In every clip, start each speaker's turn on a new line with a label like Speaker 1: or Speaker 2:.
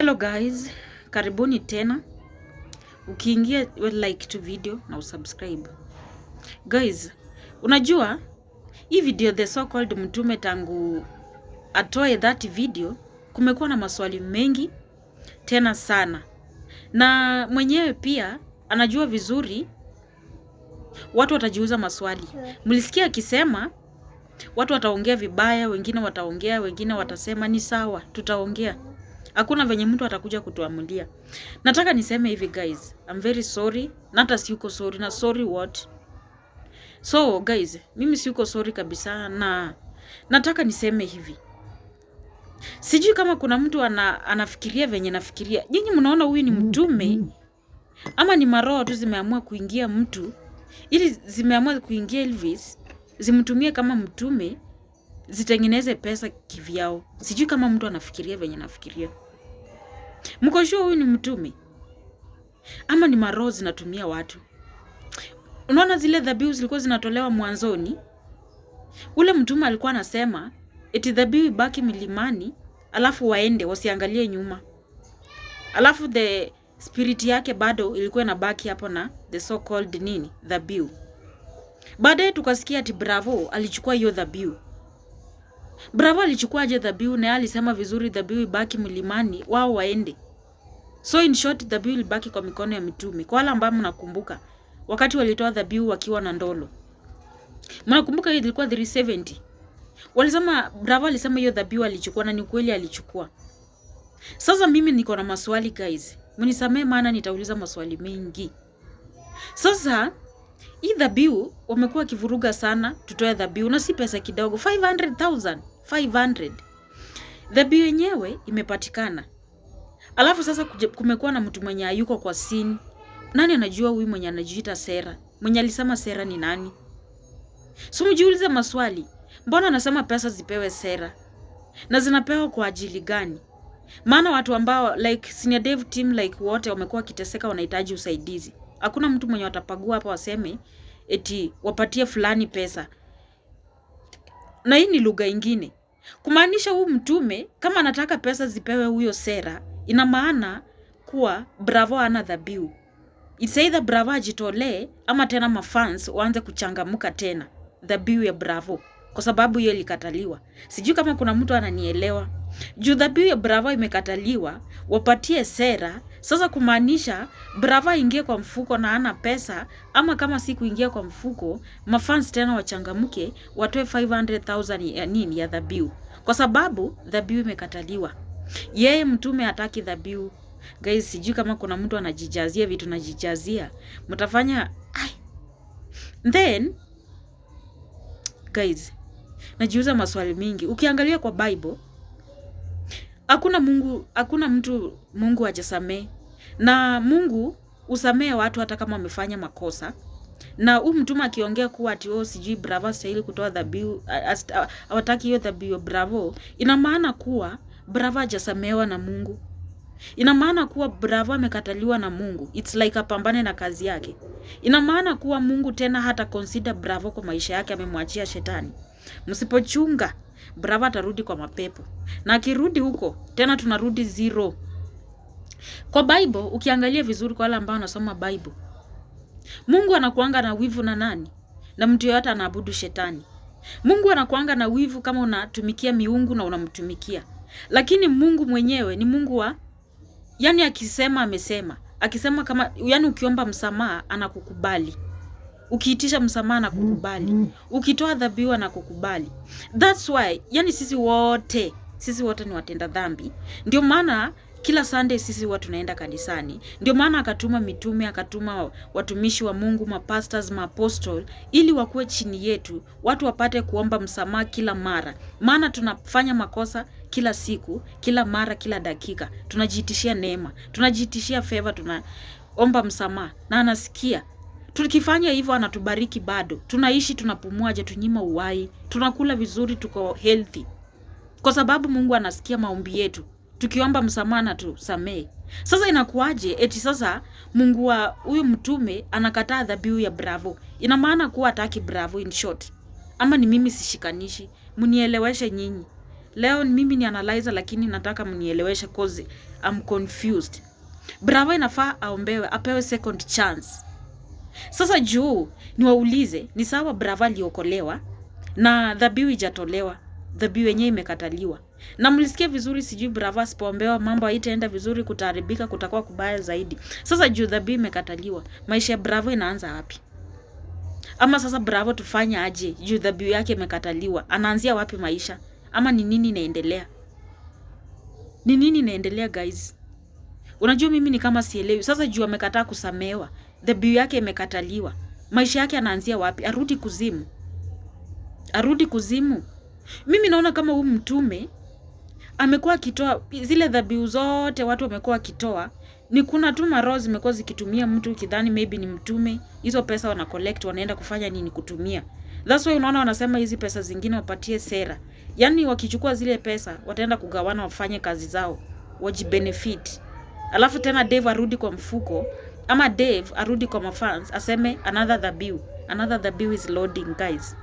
Speaker 1: Hello guys, karibuni tena. Ukiingia like to video na usubscribe. Guys, unajua hii video the so called mtume tangu atoe that video kumekuwa na maswali mengi tena sana, na mwenyewe pia anajua vizuri watu watajiuza maswali. Mlisikia akisema watu wataongea vibaya, wengine wataongea, wengine watasema ni sawa, tutaongea Hakuna venye mtu atakuja kutuamulia. Nataka niseme hivi guys, I'm very sorry. Na hata siuko sorry na sorry what? So guys, mimi siuko sorry kabisa na nataka niseme hivi. Sijui kama kuna mtu ana, anafikiria venye nafikiria. Nyinyi mnaona huyu ni mtume ama ni maroho tu zimeamua kuingia mtu ili zimeamua kuingia Elvis zimtumie kama mtume zitengeneze pesa kivyao. Sijui kama mtu anafikiria venye nafikiria. Mko sure huyu ni mtume ama ni maroho zinatumia watu? Unaona zile dhabihu zilikuwa zinatolewa mwanzoni, ule mtume alikuwa anasema eti dhabihu ibaki milimani, alafu waende wasiangalie nyuma, alafu the spirit yake bado ilikuwa inabaki hapo na the so called nini dhabihu. Baadaye tukasikia ati Bravo alichukua hiyo dhabihu Bravo alichukuaje dhabihu na alisema vizuri dhabihu ibaki mlimani wao waende. So in short dhabihu ilibaki kwa mikono ya mitume. Kwa wale ambao mnakumbuka wakati walitoa dhabihu wakiwa na ndolo. Mnakumbuka hiyo ilikuwa 370. Walisema Bravo alisema hiyo dhabihu alichukua na ni kweli alichukua. Sasa mimi niko na maswali guys. Mnisamee maana nitauliza maswali mengi. Sasa hii dhabihu wamekuwa wakivuruga sana, tutoe dhabihu na si pesa kidogo, 500,000, 500. Dhabihu yenyewe imepatikana. Alafu sasa kumekuwa na mtu mwenye hayuko kwa sini. Nani anajua huyu mwenye anajiita Sera? Mwenye alisema Sera ni nani? So mjiulize maswali. Mbona anasema pesa zipewe Sera? Na zinapewa kwa ajili gani? Maana watu ambao like senior dev team like wote wamekuwa wakiteseka, wanahitaji usaidizi. Hakuna mtu mwenye watapagua hapa waseme eti wapatie fulani pesa, na hii ni lugha ingine, kumaanisha huu mtume kama anataka pesa zipewe huyo Sera, ina maana kuwa Bravo ana dhabihu. isaidha Bravo ajitolee ama tena mafans waanze kuchangamka tena dhabihu ya Bravo, kwa sababu hiyo ilikataliwa. Sijui kama kuna mtu ananielewa. Juu dhabihu ya Brava imekataliwa, wapatie Sera. Sasa kumaanisha Brava aingie kwa mfuko na ana pesa, ama kama si kuingia kwa mfuko, mafans tena wachangamke, watoe 500,000 ya nini ya dhabihu, kwa sababu dhabihu imekataliwa. Yeye mtume hataki dhabihu. Guys, sijui kama kuna mtu anajijazia vitu najijazia, mtafanya ai. Then guys, najiuza maswali mingi. Ukiangalia kwa Bible Hakuna Mungu, hakuna mtu Mungu ajasamee Na Mungu usamee watu hata kama wamefanya makosa. Na huu mtume akiongea kuwa ati wewe sijui Bravo hastahili kutoa dhabihu, hawataki hiyo dhabihu Bravo, ina maana kuwa Bravo hajasamehewa na Mungu. Ina maana kuwa Bravo amekataliwa na Mungu. It's like apambane na kazi yake. Ina maana kuwa Mungu tena hata consider Bravo kwa maisha yake, amemwachia shetani. Msipochunga Brava atarudi kwa mapepo, na akirudi huko tena tunarudi zero. Kwa Bible ukiangalia vizuri, kwa wale ambao wanasoma Bible, Mungu anakuanga na wivu na nani na mtu yoyote anaabudu shetani. Mungu anakuanga na wivu kama unatumikia miungu na unamtumikia, lakini Mungu mwenyewe ni Mungu wa yani, akisema amesema, akisema kama yani, ukiomba msamaha anakukubali ukiitisha msamaha na kukubali, ukitoa dhabiwa na kukubali. That's why yani sisi wote sisi wote ni watenda dhambi, ndio maana kila Sunday sisi huwa tunaenda kanisani. Ndio maana akatuma mitume, akatuma watumishi wa Mungu, mapastors, maapostol, ili wakuwe chini yetu, watu wapate kuomba msamaha kila mara, maana tunafanya makosa kila siku, kila mara, kila dakika. Tunajiitishia neema, tunajiitishia favor, tunaomba msamaha na anasikia. Tukifanya hivyo anatubariki bado. Tunaishi, tunapumua, hajatunyima uhai, tunakula vizuri, tuko healthy, kwa sababu Mungu anasikia maombi yetu tukiomba msamaha na tusamee. Sasa inakuwaje eti sasa Mungu wa huyu mtume anakataa dhabihu ya Bravo? Ina maana kuwa hataki Bravo, in short. Ama ni mimi sishikanishi? Mnieleweshe nyinyi. Leo mimi ni analyzer, lakini nataka mnieleweshe cause I'm confused. Bravo inafaa aombewe, apewe second chance. Sasa juu niwaulize, ni sawa Brava aliokolewa na dhabihu ijatolewa, dhabihu yenyewe imekataliwa. Na mlisikia vizuri, sijui Brava asipoombewa mambo haitaenda vizuri, kutaharibika, kutakuwa kubaya zaidi. Sasa juu dhabihu imekataliwa, maisha ya Brava inaanza wapi? Ama sasa Brava tufanya aje juu dhabihu yake imekataliwa? Anaanzia wapi maisha? Ama ni nini inaendelea? Ni nini inaendelea guys? Unajua mimi ni kama sielewi. Sasa juu amekataa kusamewa, Dhabihu yake imekataliwa. Maisha yake anaanzia wapi? Arudi kuzimu? Arudi kuzimu? Mimi naona kama huyu mtume amekuwa akitoa zile dhabihu zote, watu wamekuwa wakitoa, ni kuna tu maroho zimekuwa zikitumia mtu, ukidhani maybe ni mtume. Hizo pesa wana collect wanaenda kufanya nini? Kutumia. That's why unaona wanasema hizi pesa zingine wapatie sera, yani wakichukua zile pesa wataenda kugawana, wafanye kazi zao, wajibenefit. Alafu tena Dave arudi kwa mfuko ama Dave arudi kwa mafans aseme another dhabihu, another dhabihu is loading guys.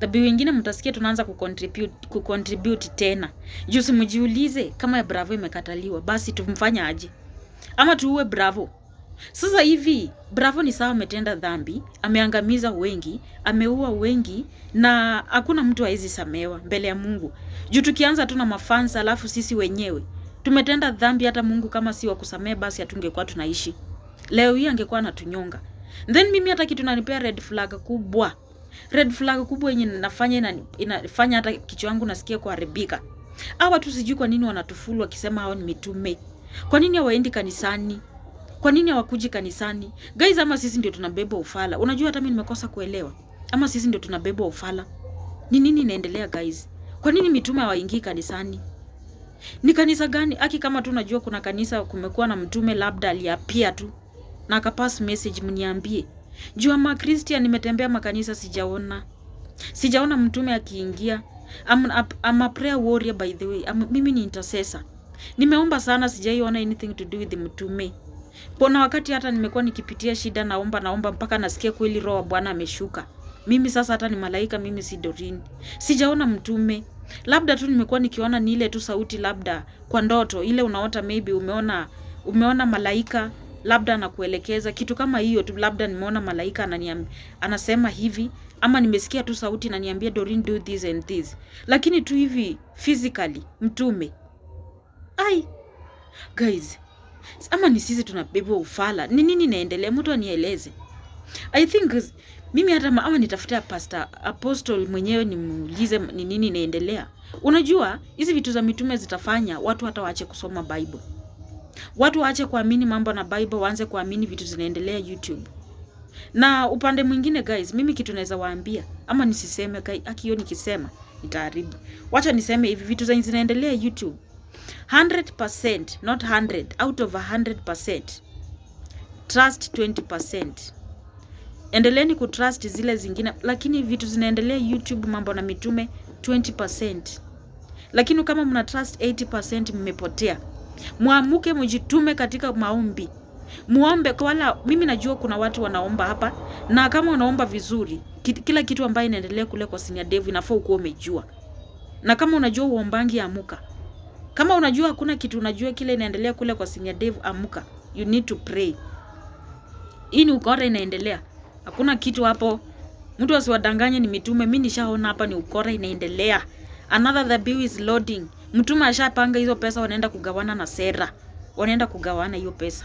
Speaker 1: Dhabihu ingine mtasikia tunaanza kucontribute, kucontribute tena juu, simjiulize kama ya Bravo imekataliwa basi tumfanya aje ama tuue Bravo. Sasa hivi Bravo ni sawa, ametenda dhambi, ameangamiza wengi, ameua wengi, na hakuna mtu hawezi samewa mbele ya Mungu. Juu tukianza tu na mafans alafu sisi wenyewe Tumetenda dhambi hata Mungu kama si wa kusamehe basi hatungekuwa tunaishi. Leo hii angekuwa anatunyonga. Then mimi hata kitu nanipea red flag kubwa. Red flag kubwa yenye nafanya inafanya hata kichwa yangu nasikia kuharibika. Hawa tu sijui kwa nini wanatufulu wakisema hao ni mitume. Kwa nini hawaendi kanisani? Kwa nini hawakuji kanisani? Guys, ama sisi ndio tunabeba ufala. Unajua hata mimi nimekosa kuelewa. Ama sisi ndio tunabeba ufala. Ni nini inaendelea guys? Kwa nini mitume hawaingii kanisani? Ni kanisa gani? Aki kama tu najua kuna kanisa kumekuwa na mtume labda aliapia tu na akapass message, mniambie. Jua ma Christian, nimetembea makanisa sijaona. Sijaona mtume akiingia. I'm, I'm a prayer warrior by the way. I'm, mimi ni intercessor. Nimeomba sana sijaiona anything to do with mtume. Pona wakati hata nimekuwa nikipitia shida, naomba naomba mpaka nasikia kweli roho Bwana ameshuka. Mimi sasa hata ni malaika, mimi si Dorine. Sijaona mtume. Labda tu nimekuwa nikiona ni ile tu sauti, labda kwa ndoto ile unaota, maybe umeona umeona malaika labda anakuelekeza kitu kama hiyo tu, labda nimeona malaika ananiambia, anasema hivi, ama nimesikia tu sauti inaniambia Doreen, do this and this, lakini tu hivi physically mtume. Ai guys, ama ni sisi tunabebwa ufala? Ni nini naendelea? Mtu anieleze. I think mimi hata ama nitafutia pasta Apostle mwenyewe nimuulize ni nini inaendelea. Unajua hizi vitu za mitume zitafanya watu hata waache kusoma Bible. Watu waache kuamini mambo na Bible waanze kuamini vitu zinaendelea YouTube. Na upande mwingine guys, mimi kitu naweza waambia ama nisiseme kai, akio nikisema nitaharibu. Wacha niseme hivi vitu zenye zinaendelea YouTube. 100% not 100 out of 100% trust 20% endeleni kutrust zile zingine, lakini vitu zinaendelea YouTube, mambo na mitume 20%, lakini kama mna trust 80% mmepotea. Mwamuke, mjitume katika maombi, muombe kwa wala. Mimi najua kuna watu wanaomba hapa, na kama unaomba vizuri, kila kitu ambayo inaendelea kule kwa senior dev inafaa ukuwa umejua, na kama unajua uombangi, amuka. Kama unajua hakuna kitu unajua kile inaendelea kule kwa senior dev, amuka, you need to pray. Hii ni ukora inaendelea Hakuna kitu hapo. Mtu asiwadanganye ni mitume. Mimi nishaona hapa ni ukora inaendelea. Another the bill is loading. Mtume ashapanga hizo pesa wanaenda kugawana na Sera. Wanaenda kugawana hiyo pesa.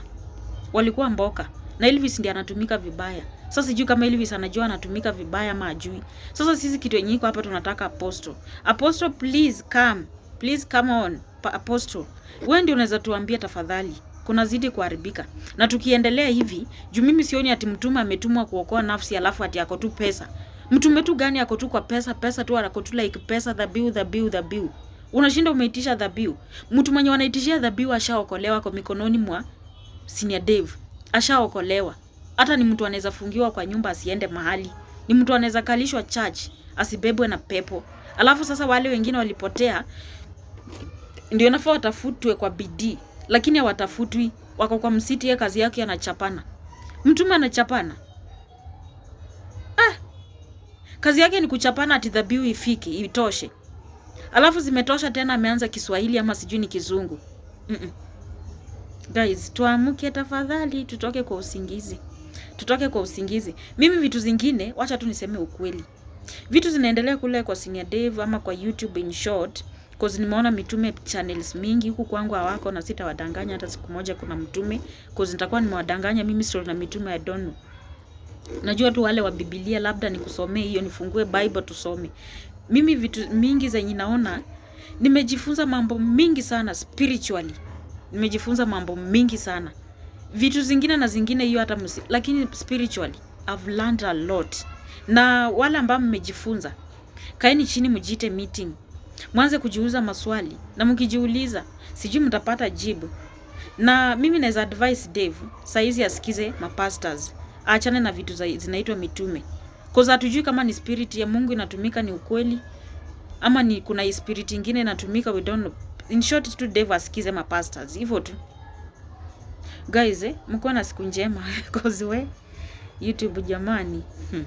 Speaker 1: Walikuwa mboka. Na Elvis ndiye anatumika vibaya. Sasa sijui kama Elvis anajua anatumika vibaya ama ajui. Sasa sisi kitu yenyewe hapa tunataka Apostle. Apostle please come. Please come on. Pa Apostle. Wewe ndio unaweza tuambia tafadhali kunazidi kuharibika. Na tukiendelea hivi, juu mimi sioni ati mtume ametumwa kuokoa nafsi alafu ati ako tu pesa. Mtume tu gani ako tu kwa pesa, pesa tu ako tu like pesa, dhabihu dhabihu dhabihu. Unashinda umeitisha dhabihu. Mtu mwenye wanaitishia dhabihu ashaokolewa kwa mikononi mwa Senior Dave. Ashaokolewa. Hata ni mtu anaweza fungiwa kwa nyumba asiende mahali. Ni mtu anaweza kalishwa church asibebwe na pepo. Alafu sasa wale wengine walipotea ndio nafaa watafutwe kwa bidii lakini hawatafutwi, wako kwa msiti, yeye kazi yake anachapana. Mtume anachapana ah, kazi yake ni kuchapana ati dhabihu ifike itoshe, alafu zimetosha tena, ameanza Kiswahili ama sijui ni Kizungu. mm -mm. Guys, tuamke tafadhali, tutoke kwa usingizi, tutoke kwa usingizi. Mimi vitu zingine, wacha tu niseme ukweli, vitu zinaendelea kule kwa Senior Dave ama kwa YouTube in short Cause nimeona mitume channels mingi huku kwangu hawako na sitawadanganya hata siku moja kuna mtume. Cause nitakuwa nimewadanganya mimi sio na mitume I don't know. Najua tu wale wa Biblia labda nikusomee hiyo nifungue Bible tusome. Mimi vitu mingi zenye naona nimejifunza mambo mingi sana spiritually. Nimejifunza mambo mingi sana. Vitu zingine na zingine hiyo hata msi, lakini spiritually I've learned a lot. Na wale ambao mmejifunza, kaeni chini mjiite meeting. Mwanze kujiuliza maswali na mkijiuliza, sijui mtapata jibu. Na mimi naweza advise Dave saizi asikize mapastors, aachane na vitu zinaitwa mitume, kwa hatujui kama ni spirit ya Mungu inatumika ni ukweli ama ni kuna spirit ingine inatumika, we don't know. In short tu Dave asikize mapastors, hivyo tu guys. Eh, mko na siku njema cause we YouTube jamani, hmm.